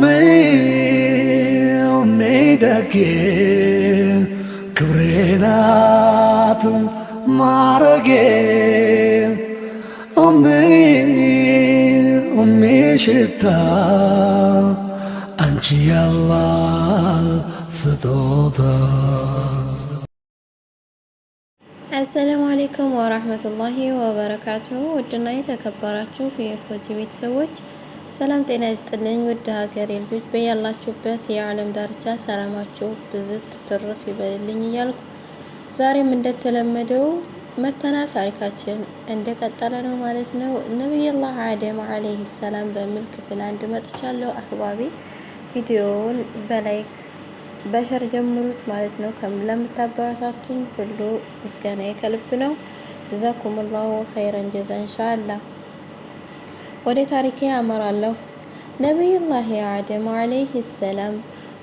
ሜሜደጌ ክብሬናት ማረጌ ሽታ አንቺ ያላል ስጦታ። አሰላሙ አሌይኩም ወራህመቱላሂ ወበረካቱ ውድና የተከበራችሁ የፎቲ ቤተሰቦች ሰላም ጤና ይስጥልኝ ውድ ሀገሬ ልጆች በያላችሁበት የዓለም ዳርቻ ሰላማችሁ ብዝት ትርፍ ይበልልኝ እያልኩ ዛሬም እንደተለመደው መተናል ታሪካችን እንደቀጠለ ነው ማለት ነው። ነቢይላህ አደም አለይህ ሰላም በሚል ክፍል አንድ መጥቻለሁ። አህባቢ ቪዲዮውን በላይክ በሸር ጀምሩት ማለት ነው። ለምታበረታቱኝ ሁሉ ምስጋና ከልብ ነው። ላሁ ኸይረን ጀዛ ኢንሻአላህ ወደ ታሪኬ አመራለሁ። ነቢዩላህ አደም አለይህ ሰላም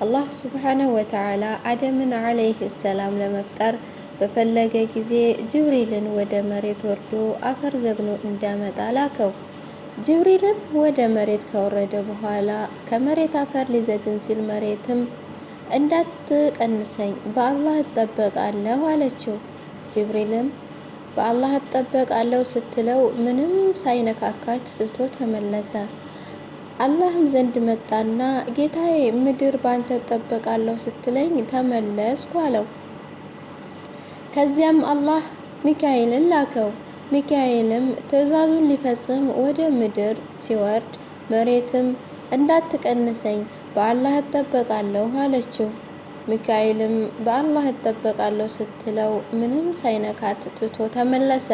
አላህ ሱብሓነሁ ወተዓላ አደምን አለይህ ሰላም ለመፍጠር በፈለገ ጊዜ ጅብሪልን ወደ መሬት ወርዶ አፈር ዘግኖ እንዲያመጣ ላከው። ጅብሪልም ወደ መሬት ከወረደ በኋላ ከመሬት አፈር ሊዘግን ሲል መሬትም እንዳትቀንሰኝ በአላህ እጠበቃለሁ አለችው። ጅብሪልም በአላህ እጠበቃለሁ ስትለው ምንም ሳይነካካች ስቶ ተመለሰ። አላህም ዘንድ መጣና ጌታዬ ምድር ባንተ እጠበቃለሁ ስትለኝ ተመለስኩ አለው። ከዚያም አላህ ሚካኤልን ላከው። ሚካኤልም ትዕዛዙን ሊፈጽም ወደ ምድር ሲወርድ መሬትም እንዳትቀንሰኝ በአላህ እጠበቃለሁ አለችው። ሚካኤልም በአላህ እጠበቃለሁ ስትለው ምንም ሳይነካት ትቶ ተመለሰ።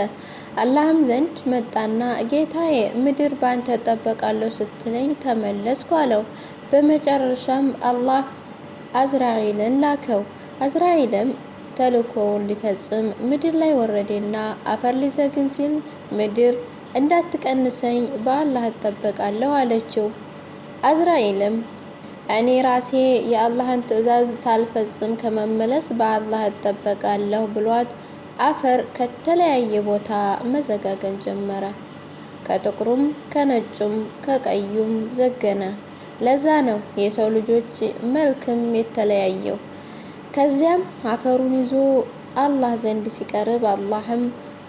አላህም ዘንድ መጣና ጌታዬ፣ ምድር ባንተ እጠበቃለሁ ስትለኝ ተመለስኩ አለው። በመጨረሻም አላህ አዝራኤልን ላከው። አዝራኤልም ተልእኮውን ሊፈጽም ምድር ላይ ወረደና አፈር ሊዘግን ሲል ምድር እንዳትቀንሰኝ በአላህ እጠበቃለሁ አለችው። አዝራኤልም እኔ ራሴ የአላህን ትዕዛዝ ሳልፈጽም ከመመለስ በአላህ እጠበቃለሁ ብሏት አፈር ከተለያየ ቦታ መዘጋገን ጀመረ። ከጥቁሩም ከነጩም ከቀዩም ዘገነ። ለዛ ነው የሰው ልጆች መልክም የተለያየው። ከዚያም አፈሩን ይዞ አላህ ዘንድ ሲቀርብ አላህም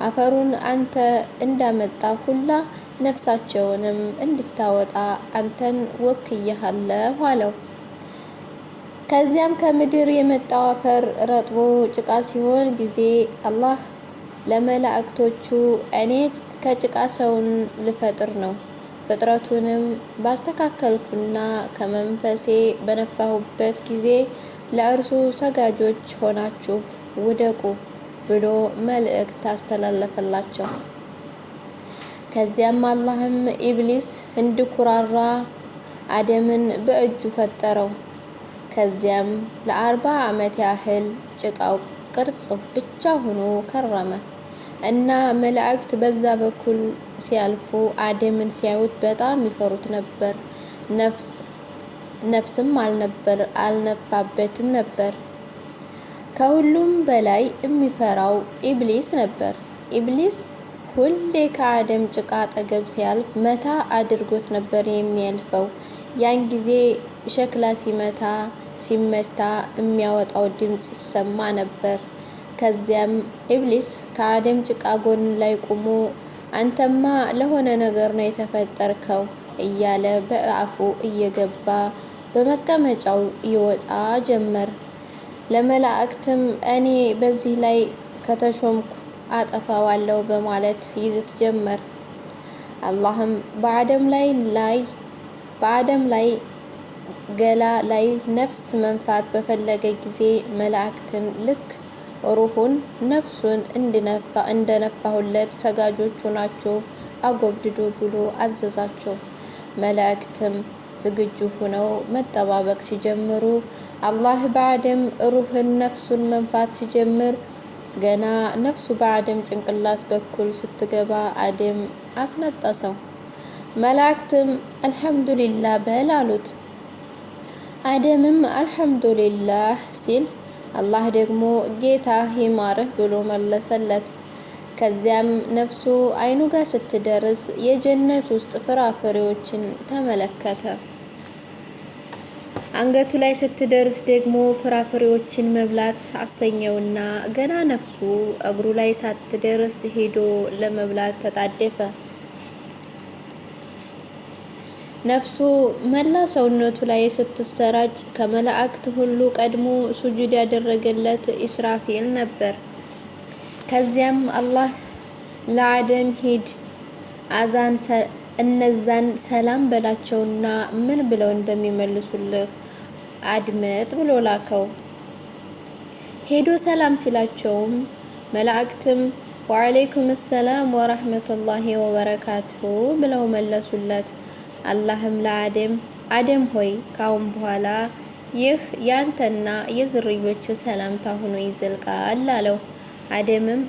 አፈሩን አንተ እንዳመጣ ሁላ ነፍሳቸውንም እንድታወጣ አንተን ወክየሃለሁ አለው። ከዚያም ከምድር የመጣው አፈር ረጥቦ ጭቃ ሲሆን ጊዜ አላህ ለመላእክቶቹ እኔ ከጭቃ ሰውን ልፈጥር ነው፣ ፍጥረቱንም ባስተካከልኩና ከመንፈሴ በነፋሁበት ጊዜ ለእርሱ ሰጋጆች ሆናችሁ ውደቁ ብሎ መልእክት አስተላለፈላቸው። ከዚያም አላህም ኢብሊስ እንዲኩራራ አደምን በእጁ ፈጠረው። ከዚያም ለአርባ ዓመት ያህል ጭቃው ቅርጽ ብቻ ሆኖ ከረመ እና መላእክት በዛ በኩል ሲያልፉ አደምን ሲያዩት በጣም ይፈሩት ነበር። ነፍስ ነፍስም አልነበር አልነባበትም ነበር። ከሁሉም በላይ የሚፈራው ኢብሊስ ነበር። ኢብሊስ ሁሌ ከአደም ጭቃ አጠገብ ሲያልፍ መታ አድርጎት ነበር የሚያልፈው። ያን ጊዜ ሸክላ ሲመታ ሲመታ የሚያወጣው ድምፅ ይሰማ ነበር። ከዚያም ኢብሊስ ከአደም ጭቃ ጎን ላይ ቆሞ አንተማ ለሆነ ነገር ነው የተፈጠርከው እያለ በአፉ እየገባ በመቀመጫው ይወጣ ጀመር። ለመላእክትም እኔ በዚህ ላይ ከተሾምኩ አጠፋዋለሁ በማለት ይዝት ጀመር። አላህም በአደም ላይ ላይ በአደም ላይ ገላ ላይ ነፍስ መንፋት በፈለገ ጊዜ መላእክትን ልክ ሩሁን ነፍሱን እንደነፋሁለት ሰጋጆች ሆናችሁ አጎብድዶ ብሎ አዘዛቸው። መላእክትም ዝግጁ ሆነው መጠባበቅ ሲጀምሩ አላህ በአደም ሩህን ነፍሱን መንፋት ሲጀምር ገና ነፍሱ በአደም ጭንቅላት በኩል ስትገባ አደም አስነጠሰው። መላእክትም አልሐምዱሊላ በል አሉት። አደምም አልሐምዱሊላህ ሲል አላህ ደግሞ ጌታህ ይማርህ ብሎ መለሰለት። ከዚያም ነፍሱ አይኑ ጋር ስትደርስ የጀነት ውስጥ ፍራፍሬዎችን ተመለከተ። አንገቱ ላይ ስትደርስ ደግሞ ፍራፍሬዎችን መብላት አሰኘውና ገና ነፍሱ እግሩ ላይ ሳትደርስ ሄዶ ለመብላት ተጣደፈ። ነፍሱ መላ ሰውነቱ ላይ ስትሰራጭ ከመላእክት ሁሉ ቀድሞ ሱጁድ ያደረገለት ኢስራፊል ነበር። ከዚያም አላህ ለአደም ሂድ አዛን እነዛን ሰላም በላቸውና ምን ብለው እንደሚመልሱልህ አድመጥ ብሎ ላከው። ሄዶ ሰላም ሲላቸውም መላእክትም ወአለይኩም ሰላም ወራህመቱላሂ ወበረካቱ ብለው መለሱለት። አላህም ለአደም አደም ሆይ ካሁን በኋላ ይህ ያንተና የዝርዮች ሰላምታ ሆኖ ይዘልቃል አለው። አደምም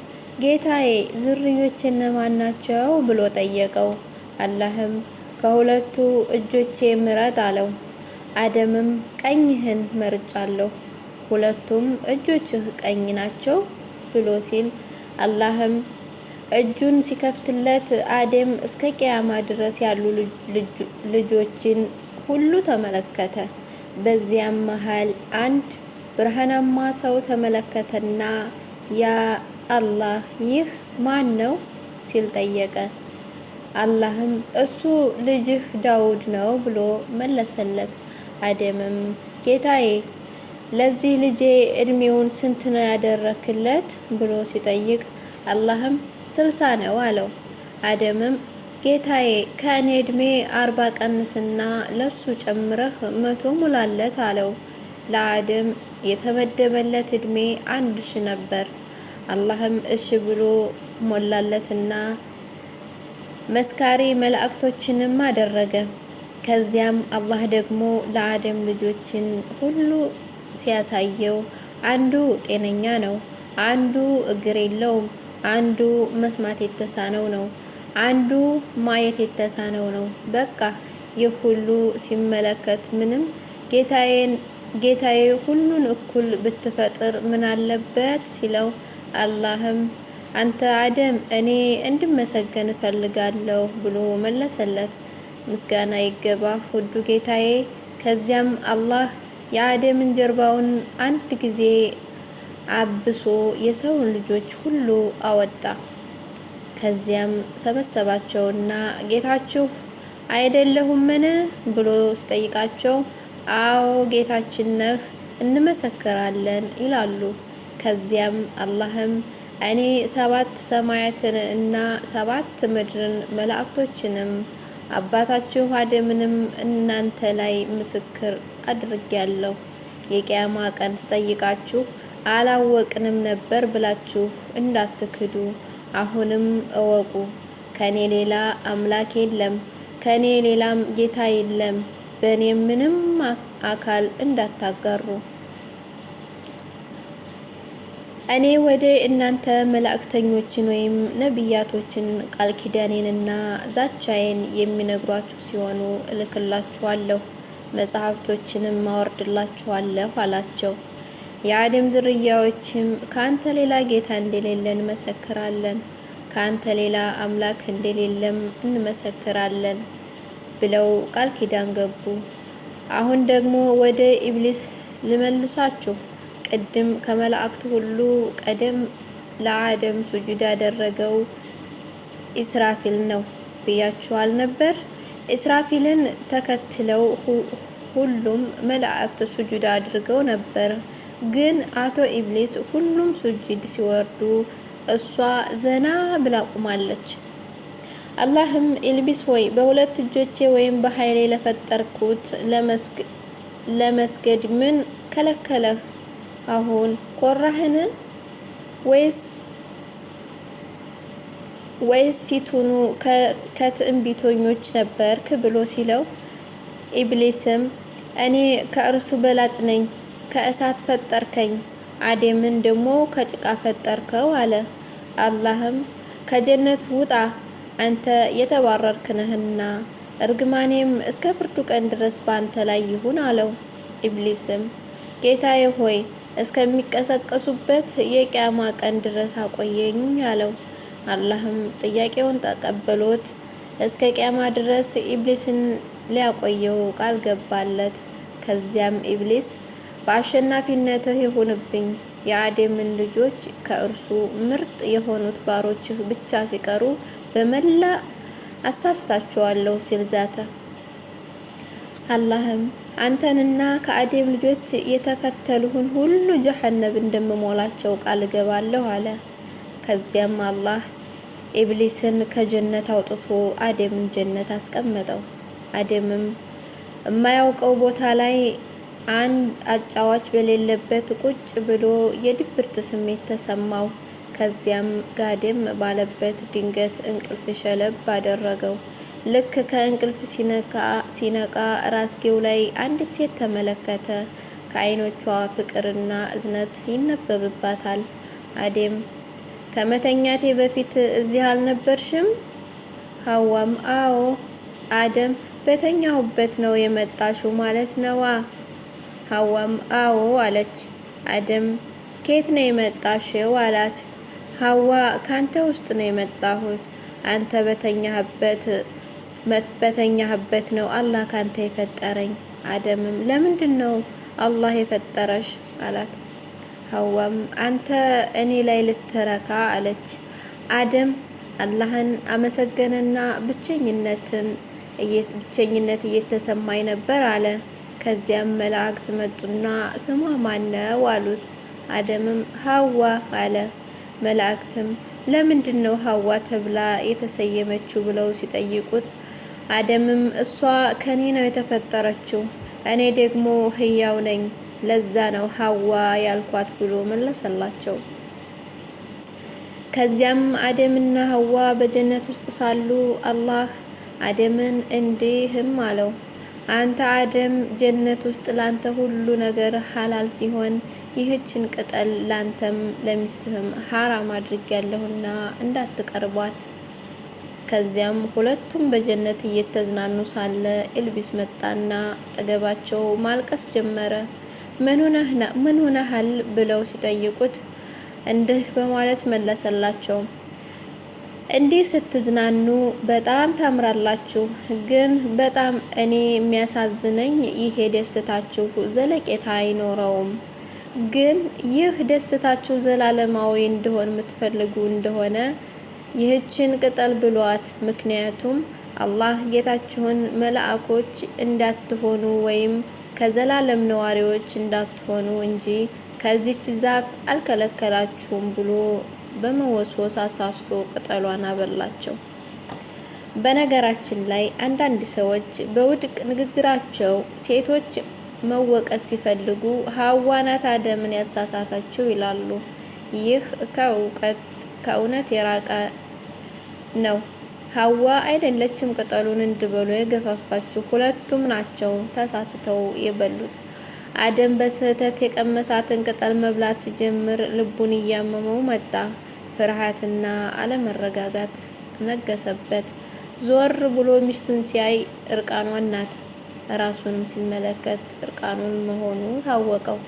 ጌታዬ ዝርዮች እነማን ናቸው ብሎ ጠየቀው። አላህም ከሁለቱ እጆቼ ምረጥ አለው። አደምም ቀኝህን መርጫለሁ፣ ሁለቱም እጆችህ ቀኝ ናቸው ብሎ ሲል አላህም እጁን ሲከፍትለት አደም እስከ ቅያማ ድረስ ያሉ ልጆችን ሁሉ ተመለከተ። በዚያም መሃል አንድ ብርሃናማ ሰው ተመለከተና ያ አላህ ይህ ማን ነው ሲል ጠየቀ። አላህም እሱ ልጅህ ዳውድ ነው ብሎ መለሰለት። አደምም ጌታዬ ለዚህ ልጄ እድሜውን ስንት ነው ያደረክለት ብሎ ሲጠይቅ አላህም ስልሳ ነው አለው። አደምም ጌታዬ ከእኔ እድሜ አርባ ቀንስና ለሱ ጨምረህ መቶ ሙላለት አለው። ለአደም የተመደበለት እድሜ አንድ ሺ ነበር። አላህም እሺ ብሎ ሞላለትና መስካሪ መላእክቶችንም አደረገ። ከዚያም አላህ ደግሞ ለአደም ልጆችን ሁሉ ሲያሳየው አንዱ ጤነኛ ነው፣ አንዱ እግር የለውም፣ አንዱ መስማት የተሳነው ነው፣ አንዱ ማየት የተሳነው ነው። በቃ ይህ ሁሉ ሲመለከት ምንም ጌታዬን ጌታዬ ሁሉን እኩል ብትፈጥር ምን አለበት ሲለው፣ አላህም አንተ አደም እኔ እንድመሰገን እፈልጋለሁ ብሎ መለሰለት። ምስጋና ይገባ ሁዱ ጌታዬ። ከዚያም አላህ የአደምን ጀርባውን አንድ ጊዜ አብሶ የሰውን ልጆች ሁሉ አወጣ። ከዚያም ሰበሰባቸውና ጌታችሁ አይደለሁምን ብሎ ስጠይቃቸው አዎ ጌታችን ነህ እንመሰክራለን ይላሉ። ከዚያም አላህም እኔ ሰባት ሰማያትን እና ሰባት ምድርን መላእክቶችንም አባታችሁ አደምንም እናንተ ላይ ምስክር አድርጌያለሁ። የቂያማ ቀን ስጠይቃችሁ አላወቅንም ነበር ብላችሁ እንዳትክዱ። አሁንም እወቁ፣ ከኔ ሌላ አምላክ የለም፣ ከኔ ሌላም ጌታ የለም። በእኔ ምንም አካል እንዳታጋሩ። እኔ ወደ እናንተ መላእክተኞችን ወይም ነቢያቶችን ቃል ኪዳኔንና ዛቻዬን የሚነግሯችሁ ሲሆኑ እልክላችኋለሁ፣ መጽሐፍቶችንም ማወርድላችኋለሁ አላቸው። የአደም ዝርያዎችም ከአንተ ሌላ ጌታ እንደሌለ እንመሰክራለን፣ ከአንተ ሌላ አምላክ እንደሌለም እንመሰክራለን ብለው ቃል ኪዳን ገቡ። አሁን ደግሞ ወደ ኢብሊስ ልመልሳችሁ ቅድም ከመላእክት ሁሉ ቀደም ለአደም ሱጁድ ያደረገው ኢስራፊል ነው ብያችኋል ነበር። ኢስራፊልን ተከትለው ሁሉም መላእክት ሱጁድ አድርገው ነበር። ግን አቶ ኢብሊስ ሁሉም ሱጁድ ሲወርዱ እሷ ዘና ብላ ቁማለች። አላህም ኢልቢስ ወይ በሁለት እጆቼ ወይም በኃይሌ ለፈጠርኩት ለመስገድ ምን ከለከለህ? አሁን ኮራህን ወይስ ወይስ ፊቱኑ ከትዕቢተኞች ነበርክ ብሎ ሲለው ኢብሊስም እኔ ከእርሱ በላጭ ነኝ፣ ከእሳት ፈጠርከኝ፣ አዴምን ደግሞ ከጭቃ ፈጠርከው አለ። አላህም ከጀነት ውጣ አንተ የተባረርክ ነህና እርግማኔም እስከ ፍርዱ ቀን ድረስ በአንተ ላይ ይሁን አለው። ኢብሊስም ጌታዬ ሆይ እስከሚቀሰቀሱበት የቂያማ ቀን ድረስ አቆየኝ አለው። አላህም ጥያቄውን ተቀበሎት እስከ ቂያማ ድረስ ኢብሊስን ሊያቆየው ቃል ገባለት። ከዚያም ኢብሊስ በአሸናፊነትህ ይሁንብኝ የአዴምን ልጆች ከእርሱ ምርጥ የሆኑት ባሮችህ ብቻ ሲቀሩ በመላ አሳስታቸዋለሁ ሲል ዛተ። አላህም አንተንና ከአዴም ልጆች የተከተሉህን ሁሉ ጀሀነብ እንደምሞላቸው ቃል እገባለሁ አለ። ከዚያም አላህ ኢብሊስን ከጀነት አውጥቶ አዴምን ጀነት አስቀመጠው። አዴምም የማያውቀው ቦታ ላይ አንድ አጫዋች በሌለበት ቁጭ ብሎ የድብርት ስሜት ተሰማው። ከዚያም ጋደም ባለበት ድንገት እንቅልፍ ሸለብ አደረገው። ልክ ከእንቅልፍ ሲነቃ ራስጌው ላይ አንዲት ሴት ተመለከተ። ከአይኖቿ ፍቅርና እዝነት ይነበብባታል። አዴም ከመተኛቴ በፊት እዚህ አልነበርሽም? ሀዋም አዎ። አደም በተኛሁበት ነው የመጣሽው ማለት ነዋ። ሀዋም አዎ አለች። አደም ኬት ነው የመጣሽው አላት። ሀዋ ካንተ ውስጥ ነው የመጣሁት አንተ በተኛህበት በተኛህበት ነው አላህ ካንተ የፈጠረኝ። አደምም ለምንድን ነው አላህ የፈጠረሽ አላት። ሀዋም አንተ እኔ ላይ ልትረካ አለች። አደም አላህን አመሰገነና ብቸኝነትን ብቸኝነት እየተሰማኝ ነበር አለ። ከዚያም መላእክት መጡና ስሟ ማነው አሉት። አደምም ሀዋ አለ። መላእክትም ለምንድን ነው ሀዋ ተብላ የተሰየመችው ብለው ሲጠይቁት አደምም እሷ ከኔ ነው የተፈጠረችው፣ እኔ ደግሞ ህያው ነኝ፣ ለዛ ነው ሀዋ ያልኳት ብሎ መለሰላቸው። ከዚያም አደምና ሀዋ በጀነት ውስጥ ሳሉ አላህ አደምን እንዲህም አለው፣ አንተ አደም ጀነት ውስጥ ላንተ ሁሉ ነገር ሀላል ሲሆን ይህችን ቅጠል ላንተም ለሚስትህም ሀራም አድርጌያለሁና እንዳትቀርቧት ከዚያም ሁለቱም በጀነት እየተዝናኑ ሳለ ኤልቢስ መጣና አጠገባቸው ማልቀስ ጀመረ። ምን ሆነሃል ብለው ሲጠይቁት እንዲህ በማለት መለሰላቸው። እንዲህ ስትዝናኑ በጣም ታምራላችሁ፣ ግን በጣም እኔ የሚያሳዝነኝ ይሄ ደስታችሁ ዘለቄታ አይኖረውም። ግን ይህ ደስታችሁ ዘላለማዊ እንዲሆን የምትፈልጉ እንደሆነ ይህችን ቅጠል ብሏት። ምክንያቱም አላህ ጌታችሁን መላእኮች እንዳትሆኑ ወይም ከዘላለም ነዋሪዎች እንዳትሆኑ እንጂ ከዚች ዛፍ አልከለከላችሁም ብሎ በመወስወስ አሳስቶ ቅጠሏን አበላቸው። በነገራችን ላይ አንዳንድ ሰዎች በውድቅ ንግግራቸው ሴቶች መወቀስ ሲፈልጉ ሀዋ ናት አደምን ያሳሳታቸው ይላሉ። ይህ ከእውቀት ከእውነት የራቀ ነው። ሀዋ አይደለችም ቅጠሉን እንድበሉ የገፋፋችሁ፣ ሁለቱም ናቸው ተሳስተው የበሉት። አደም በስህተት የቀመሳትን ቅጠል መብላት ሲጀምር ልቡን እያመመው መጣ። ፍርሃትና አለመረጋጋት ነገሰበት። ዞር ብሎ ሚስቱን ሲያይ እርቃኗን ናት። ራሱንም ሲመለከት እርቃኑን መሆኑ ታወቀው።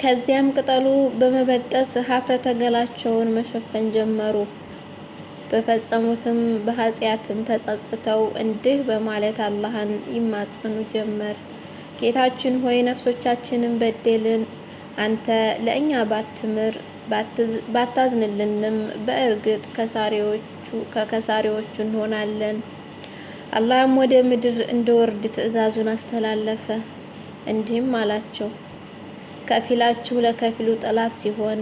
ከዚያም ቅጠሉ በመበጠስ ሀፍረተ ገላቸውን መሸፈን ጀመሩ። በፈጸሙትም በኃጢአትም ተጸጽተው እንዲህ በማለት አላህን ይማጸኑ ጀመር። ጌታችን ሆይ ነፍሶቻችንን በደልን፣ አንተ ለእኛ ባትምር ባታዝንልንም በእርግጥ ከከሳሪዎቹ እንሆናለን። አላህም ወደ ምድር እንደወርድ ትእዛዙን አስተላለፈ። እንዲህም አላቸው ከፊላችሁ ለከፊሉ ጠላት ሲሆን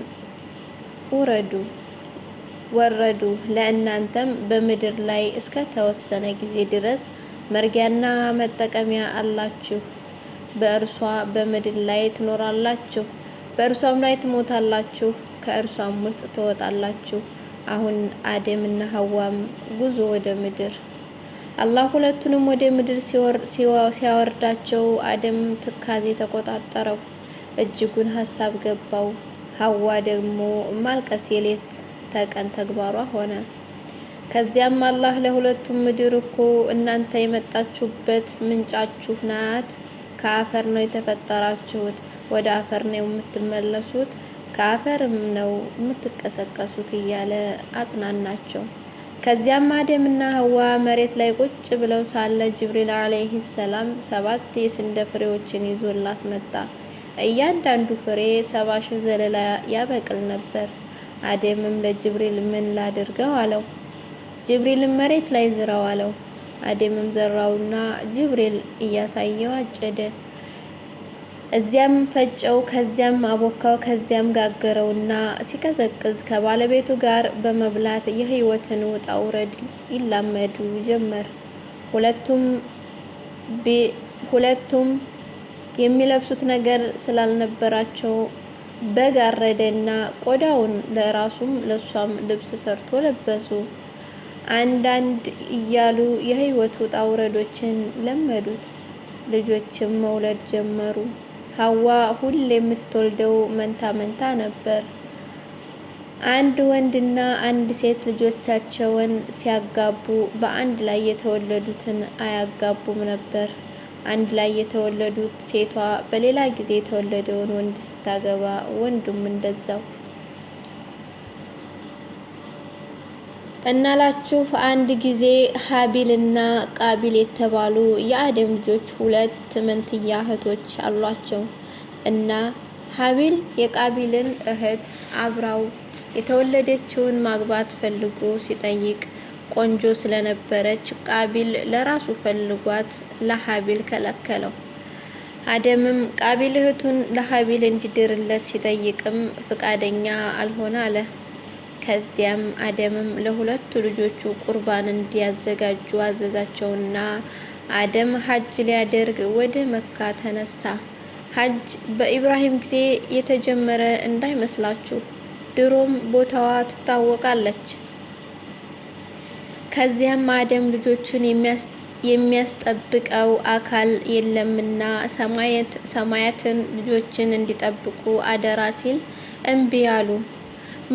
ውረዱ ወረዱ ለእናንተም በምድር ላይ እስከ ተወሰነ ጊዜ ድረስ መርጊያና መጠቀሚያ አላችሁ። በእርሷ በምድር ላይ ትኖራላችሁ፣ በእርሷም ላይ ትሞታላችሁ፣ ከእርሷም ውስጥ ትወጣላችሁ። አሁን አደምና ሀዋም ጉዞ ወደ ምድር አላህ ሁለቱንም ወደ ምድር ሲያወርዳቸው አደም ትካዜ ተቆጣጠረው። እጅጉን ሀሳብ ገባው። ሀዋ ደግሞ ማልቀስ የሌት ተቀን ተግባሯ ሆነ። ከዚያም አላህ ለሁለቱም ምድር እኮ እናንተ የመጣችሁበት ምንጫችሁ ናት። ከአፈር ነው የተፈጠራችሁት፣ ወደ አፈር ነው የምትመለሱት፣ ከአፈርም ነው የምትቀሰቀሱት እያለ አጽናናቸው። ከዚያም አደምና ህዋ መሬት ላይ ቁጭ ብለው ሳለ ጅብሪል አለይሂ ሰላም ሰባት የስንዴ ፍሬዎችን ይዞላት መጣ። እያንዳንዱ ፍሬ ሰባ ሺህ ዘለላ ያበቅል ነበር። አደምም ለጅብሪል ምን ላድርገው አለው። ጅብሪልም መሬት ላይ ዝራው አለው። አደምም ዘራውና ጅብሪል እያሳየው አጨደ። እዚያም ፈጨው፣ ከዚያም አቦካው፣ ከዚያም ጋገረውና ሲቀዘቅዝ ከባለቤቱ ጋር በመብላት የህይወትን ውጣ ውረድ ይላመዱ ጀመር። ሁለቱም ሁለቱም የሚለብሱት ነገር ስላልነበራቸው በግ አረደና ቆዳውን ለራሱም ለሷም ልብስ ሰርቶ ለበሱ። አንዳንድ እያሉ የህይወት ውጣ ውረዶችን ለመዱት። ልጆችም መውለድ ጀመሩ። ሀዋ ሁሌ የምትወልደው መንታ መንታ ነበር። አንድ ወንድና አንድ ሴት ልጆቻቸውን ሲያጋቡ በአንድ ላይ የተወለዱትን አያጋቡም ነበር። አንድ ላይ የተወለዱት ሴቷ በሌላ ጊዜ የተወለደውን ወንድ ስታገባ ወንዱም እንደዛው እናላችሁ። አንድ ጊዜ ሀቢልና ቃቢል የተባሉ የአደም ልጆች ሁለት መንትያ እህቶች አሏቸው እና ሀቢል የቃቢልን እህት አብራው የተወለደችውን ማግባት ፈልጎ ሲጠይቅ ቆንጆ ስለነበረች ቃቢል ለራሱ ፈልጓት ለሀቢል ከለከለው። አደምም ቃቢል እህቱን ለሀቢል እንዲድርለት ሲጠይቅም ፍቃደኛ አልሆነ አለ። ከዚያም አደምም ለሁለቱ ልጆቹ ቁርባን እንዲያዘጋጁ አዘዛቸውና አደም ሀጅ ሊያደርግ ወደ መካ ተነሳ። ሀጅ በኢብራሂም ጊዜ የተጀመረ እንዳይመስላችሁ፣ ድሮም ቦታዋ ትታወቃለች። ከዚያም አደም ልጆቹን የሚያስጠብቀው አካል የለምና ሰማያትን ልጆችን እንዲጠብቁ አደራ ሲል እምቢ አሉ።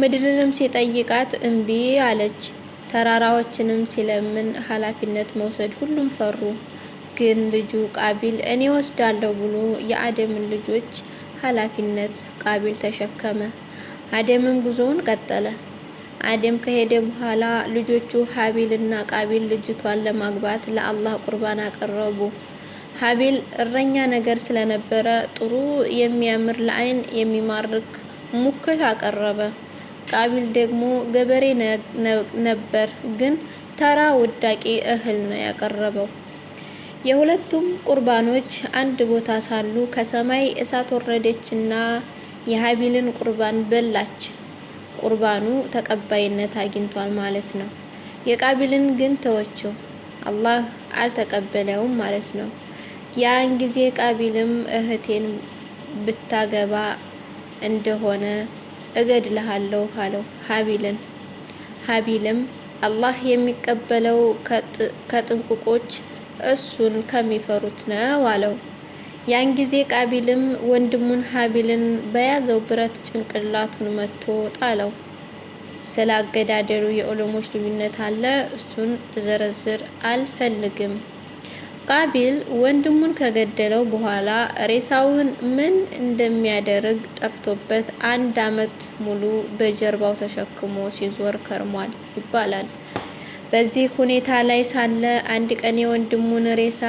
ምድርንም ሲጠይቃት እምቢ አለች። ተራራዎችንም ሲለምን ኃላፊነት መውሰድ ሁሉም ፈሩ። ግን ልጁ ቃቢል እኔ ወስዳለሁ ብሎ የአደምን ልጆች ኃላፊነት ቃቢል ተሸከመ። አደምም ጉዞውን ቀጠለ። አደም ከሄደ በኋላ ልጆቹ ሀቢል እና ቃቢል ልጅቷን ለማግባት ለአላህ ቁርባን አቀረቡ። ሀቢል እረኛ ነገር ስለነበረ ጥሩ የሚያምር ለአይን የሚማርክ ሙክት አቀረበ። ቃቢል ደግሞ ገበሬ ነበር፣ ግን ተራ ውዳቂ እህል ነው ያቀረበው። የሁለቱም ቁርባኖች አንድ ቦታ ሳሉ ከሰማይ እሳት ወረደችና የሀቢልን ቁርባን በላች። ቁርባኑ ተቀባይነት አግኝቷል ማለት ነው። የቃቢልን ግን ተወችው፣ አላህ አልተቀበለውም ማለት ነው። ያን ጊዜ ቃቢልም እህቴን ብታገባ እንደሆነ እገድልሃለሁ አለው ሀቢልን። ሀቢልም አላህ የሚቀበለው ከጥንቁቆች እሱን ከሚፈሩት ነው አለው። ያን ጊዜ ቃቢልም ወንድሙን ሀቢልን በያዘው ብረት ጭንቅላቱን መቶ ጣለው። ስለ አገዳደሉ የዑለሞች ልዩነት አለ። እሱን ዝርዝር አልፈልግም። ቃቢል ወንድሙን ከገደለው በኋላ ሬሳውን ምን እንደሚያደርግ ጠፍቶበት አንድ አመት ሙሉ በጀርባው ተሸክሞ ሲዞር ከርሟል ይባላል። በዚህ ሁኔታ ላይ ሳለ አንድ ቀን የወንድሙን ሬሳ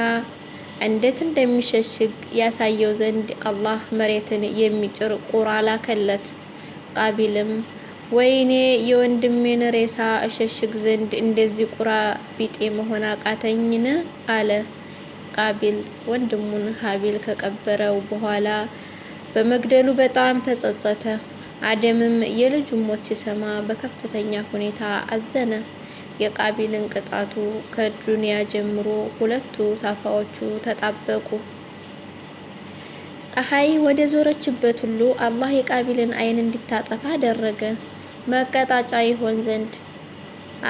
እንዴት እንደሚሸሽግ ያሳየው ዘንድ አላህ መሬትን የሚጭር ቁራ ላከለት ቃቢልም ወይኔ የወንድሜን ሬሳ እሸሽግ ዘንድ እንደዚህ ቁራ ቢጤ መሆን አቃተኝን አለ። ቃቢል ወንድሙን ሀቢል ከቀበረው በኋላ በመግደሉ በጣም ተጸጸተ። አደምም የልጁ ሞት ሲሰማ በከፍተኛ ሁኔታ አዘነ። የቃቢልን ቅጣቱ ከዱንያ ጀምሮ ሁለቱ ታፋዎቹ ተጣበቁ። ፀሐይ ወደ ዞረችበት ሁሉ አላህ የቃቢልን አይን እንዲታጠፋ አደረገ። መቀጣጫ ይሆን ዘንድ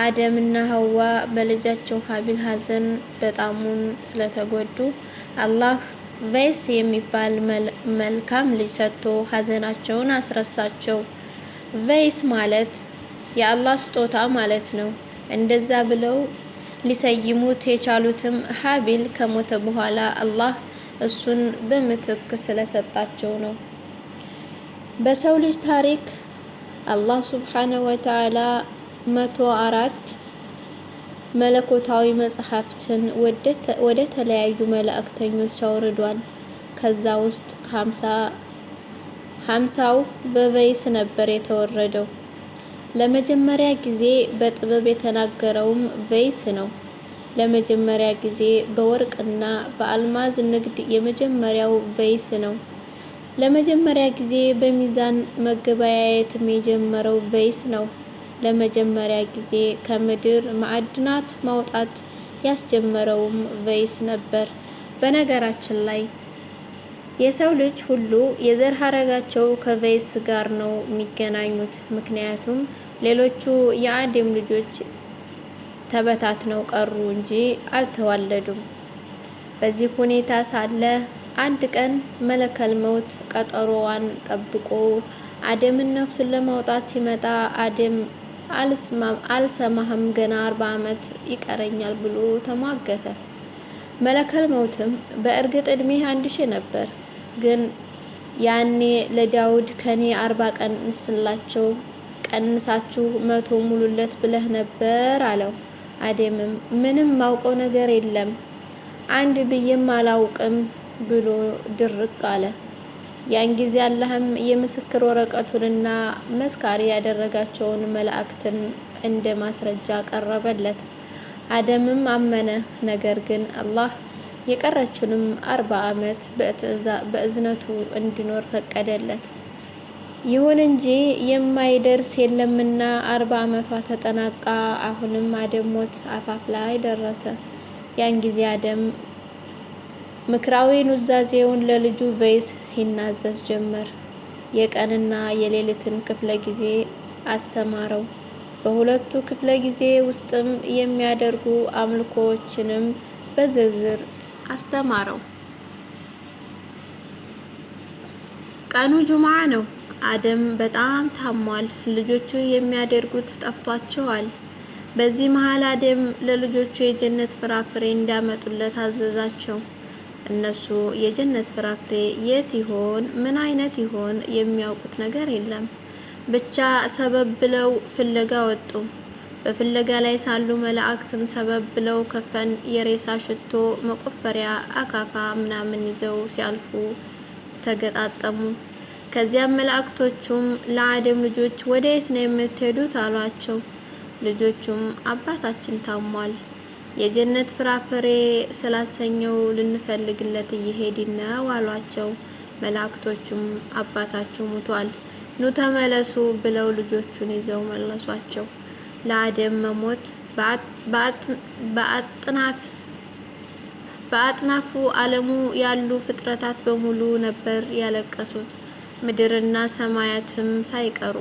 አደምና ሀዋ በልጃቸው ሀቢል ሀዘን በጣሙን ስለተጎዱ አላህ ቬስ የሚባል መልካም ልጅ ሰጥቶ ሀዘናቸውን አስረሳቸው። ቬስ ማለት የአላህ ስጦታ ማለት ነው። እንደዛ ብለው ሊሰይሙት የቻሉትም ሀቢል ከሞተ በኋላ አላህ እሱን በምትክ ስለሰጣቸው ነው። በሰው ልጅ ታሪክ አላህ ሱብሓነሁ ወተዓላ መቶ አራት መለኮታዊ መጽሐፍትን ወደ ተለያዩ መላእክተኞች አውርዷል። ከዛ ውስጥ ሀምሳው በበይስ ነበር የተወረደው። ለመጀመሪያ ጊዜ በጥበብ የተናገረውም ቬይስ ነው። ለመጀመሪያ ጊዜ በወርቅና በአልማዝ ንግድ የመጀመሪያው ቬይስ ነው። ለመጀመሪያ ጊዜ በሚዛን መገበያየትም የጀመረው ቬይስ ነው። ለመጀመሪያ ጊዜ ከምድር ማዕድናት ማውጣት ያስጀመረውም ቬይስ ነበር። በነገራችን ላይ የሰው ልጅ ሁሉ የዘር ሀረጋቸው ከቬይስ ጋር ነው የሚገናኙት። ምክንያቱም ሌሎቹ የአዴም ልጆች ተበታትነው ቀሩ እንጂ አልተዋለዱም። በዚህ ሁኔታ ሳለ አንድ ቀን መለከል መውት ቀጠሮዋን ጠብቆ አደምን ነፍሱን ለማውጣት ሲመጣ አደም አልሰማህም ገና አርባ ዓመት ይቀረኛል ብሎ ተሟገተ። መለከል መውትም በእርግጥ እድሜ አንድ ሺህ ነበር፣ ግን ያኔ ለዳውድ ከኔ አርባ ቀን እንስላቸው ቀንሳችሁ መቶ ሙሉለት ብለህ ነበር አለው። አደምም ምንም ማውቀው ነገር የለም አንድ ብዬም አላውቅም ብሎ ድርቅ አለ። ያን ጊዜ አላህም የምስክር ወረቀቱንና መስካሪ ያደረጋቸውን መላእክትን እንደ ማስረጃ ቀረበለት። አደምም አመነ። ነገር ግን አላህ የቀረችውንም አርባ ዓመት በእዝነቱ እንዲኖር ፈቀደለት። ይሁን እንጂ የማይደርስ የለምና አርባ ዓመቷ ተጠናቃ አሁንም አደም ሞት አፋፍ ላይ ደረሰ። ያን ጊዜ አደም ምክራዊ ኑዛዜውን ለልጁ ቬይስ ይናዘዝ ጀመር። የቀንና የሌሊትን ክፍለ ጊዜ አስተማረው። በሁለቱ ክፍለ ጊዜ ውስጥም የሚያደርጉ አምልኮዎችንም በዝርዝር አስተማረው። ቀኑ ጁምዓ ነው። አደም በጣም ታሟል። ልጆቹ የሚያደርጉት ጠፍቷቸዋል። በዚህ መሀል አደም ለልጆቹ የጀነት ፍራፍሬ እንዳመጡለት አዘዛቸው። እነሱ የጀነት ፍራፍሬ የት ይሆን ምን አይነት ይሆን የሚያውቁት ነገር የለም። ብቻ ሰበብ ብለው ፍለጋ ወጡ። በፍለጋ ላይ ሳሉ መላእክትም ሰበብ ብለው ከፈን፣ የሬሳ ሽቶ፣ መቆፈሪያ፣ አካፋ ምናምን ይዘው ሲያልፉ ተገጣጠሙ። ከዚያም መላእክቶቹም ለአደም ልጆች ወደየት ነው የምትሄዱት አሏቸው። ልጆቹም አባታችን ታሟል፣ የጀነት ፍራፍሬ ስላሰኘው ልንፈልግለት እየሄድን ነው አሏቸው። መላእክቶቹም አባታችሁ ሙቷል፣ ኑ ተመለሱ ብለው ልጆቹን ይዘው መለሷቸው። ለአደም መሞት በአጥናፍ በአጥናፉ ዓለሙ ያሉ ፍጥረታት በሙሉ ነበር ያለቀሱት። ምድርና ሰማያትም ሳይቀሩ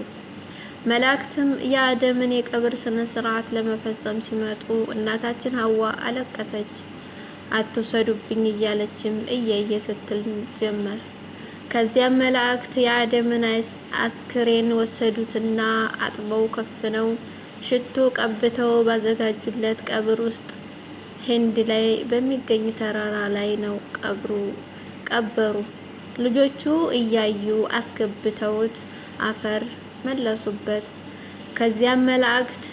መላእክትም የአደምን የቀብር ስነ ስርዓት ለመፈጸም ሲመጡ እናታችን ሀዋ አለቀሰች። አትውሰዱብኝ እያለችም እየየ ስትል ጀመር። ከዚያም መላእክት የአደምን አስክሬን ወሰዱትና አጥበው ከፍነው ሽቶ ቀብተው ባዘጋጁለት ቀብር ውስጥ ህንድ ላይ በሚገኝ ተራራ ላይ ነው ቀብሩ ቀበሩ። ልጆቹ እያዩ አስገብተውት አፈር መለሱበት። ከዚያም መላእክት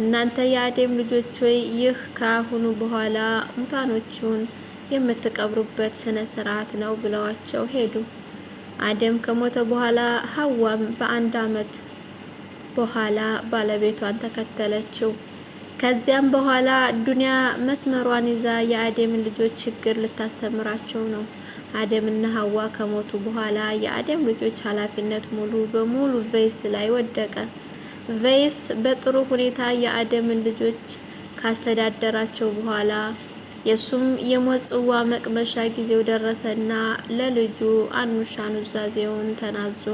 እናንተ የአዴም ልጆች ሆይ ይህ ከአሁኑ በኋላ ሙታኖቹን የምትቀብሩበት ስነ ስርዓት ነው ብለዋቸው ሄዱ። አደም ከሞተ በኋላ ሀዋም በአንድ አመት በኋላ ባለቤቷን ተከተለችው። ከዚያም በኋላ ዱንያ መስመሯን ይዛ የአደምን ልጆች ችግር ልታስተምራቸው ነው። አደምና ሀዋ ከሞቱ በኋላ የአደም ልጆች ኃላፊነት ሙሉ በሙሉ ቬይስ ላይ ወደቀ። ቬይስ በጥሩ ሁኔታ የአደምን ልጆች ካስተዳደራቸው በኋላ የሱም የሞት ጽዋ መቅመሻ ጊዜው ደረሰና ለልጁ አኑሻን ኑዛዜውን ተናዞ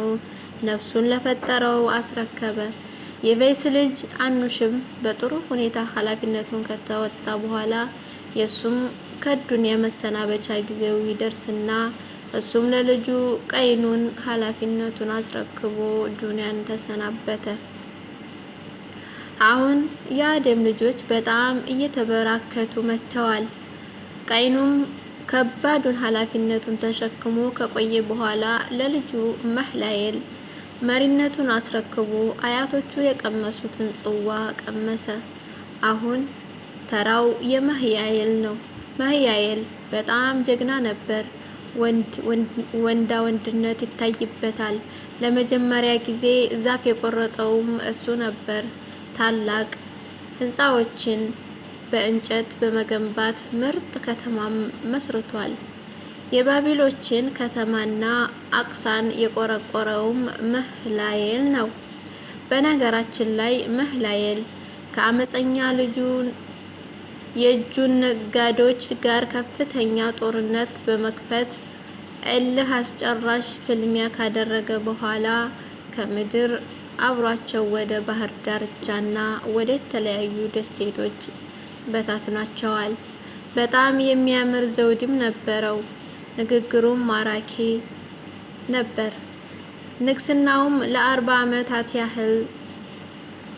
ነፍሱን ለፈጠረው አስረከበ። የቬይስ ልጅ አኑሽም በጥሩ ሁኔታ ኃላፊነቱን ከተወጣ በኋላ የሱም ከዱንያ መሰናበቻ ጊዜው ይደርስና እሱም ለልጁ ቀይኑን ኃላፊነቱን አስረክቦ ዱንያን ተሰናበተ። አሁን የአደም ልጆች በጣም እየተበራከቱ መጥተዋል። ቀይኑም ከባዱን ኃላፊነቱን ተሸክሞ ከቆየ በኋላ ለልጁ መህላኤል መሪነቱን አስረክቦ አያቶቹ የቀመሱትን ጽዋ ቀመሰ። አሁን ተራው የመህያይል ነው። ማህያየል በጣም ጀግና ነበር። ወንዳ ወንድነት ይታይበታል። ለመጀመሪያ ጊዜ ዛፍ የቆረጠውም እሱ ነበር። ታላቅ ህንፃዎችን በእንጨት በመገንባት ምርጥ ከተማ መስርቷል። የባቢሎችን ከተማና አቅሳን የቆረቆረውም መህላየል ነው። በነገራችን ላይ መህላየል ከአመፀኛ ልጁ የእጁን ነጋዴዎች ጋር ከፍተኛ ጦርነት በመክፈት እልህ አስጨራሽ ፍልሚያ ካደረገ በኋላ ከምድር አብሯቸው ወደ ባህር ዳርቻና ወደ የተለያዩ ደሴቶች በታትኗቸዋል። በጣም የሚያምር ዘውድም ነበረው። ንግግሩም ማራኪ ነበር። ንግስናውም ለአርባ ዓመታት ያህል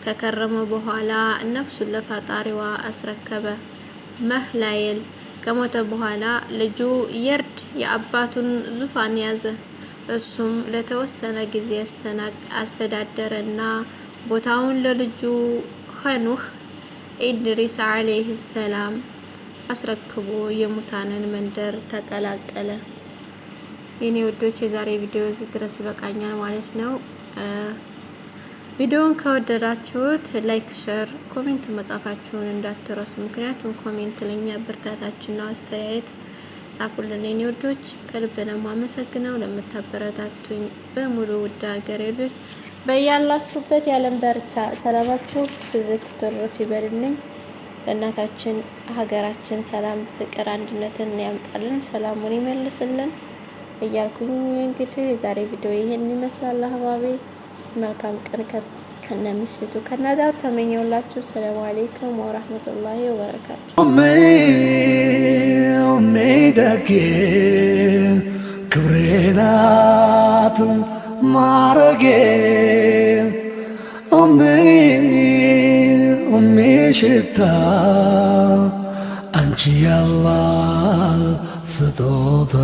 ከከረመ በኋላ ነፍሱን ለፈጣሪዋ አስረከበ። መህላይል ከሞተ በኋላ ልጁ የርድ የአባቱን ዙፋን ያዘ። እሱም ለተወሰነ ጊዜ አስተዳደረና ቦታውን ለልጁ ኸኑህ ኢድሪስ ዓለይህ ሰላም አስረክቦ የሙታንን መንደር ተቀላቀለ። የኔ ውዶች የዛሬ ቪዲዮ እዚህ ድረስ ይበቃኛል ማለት ነው። ቪዲዮውን ከወደዳችሁት ላይክ፣ ሸር፣ ኮሜንት መጻፋችሁን እንዳትረሱ። ምክንያቱም ኮሜንት ለኛ ብርታታችን ነው። አስተያየት ጻፉልን የኔ ወዶች። ከልብ ነው የማመሰግነው ለምታበረታቱኝ በሙሉ ውድ ሀገሬ ልጆች በያላችሁበት የዓለም ዳርቻ ሰላማችሁ ብዝት ትርፍ ይበልልኝ። ለእናታችን ሀገራችን ሰላም፣ ፍቅር፣ አንድነትን ያምጣልን፣ ሰላሙን ይመልስልን እያልኩኝ እንግዲህ የዛሬ ቪዲዮ ይህን ይመስላል አህባቤ መልካም ቀን ከነ ምሽቱ ከነጋር ተመኘውላችሁ። ሰላም አለይኩም ወራህመቱላሂ ወበረካቱ። ክብሬናት ማረጌ ኦሜ ኦሜ ሽታ አንቺ ያላ ስጦታ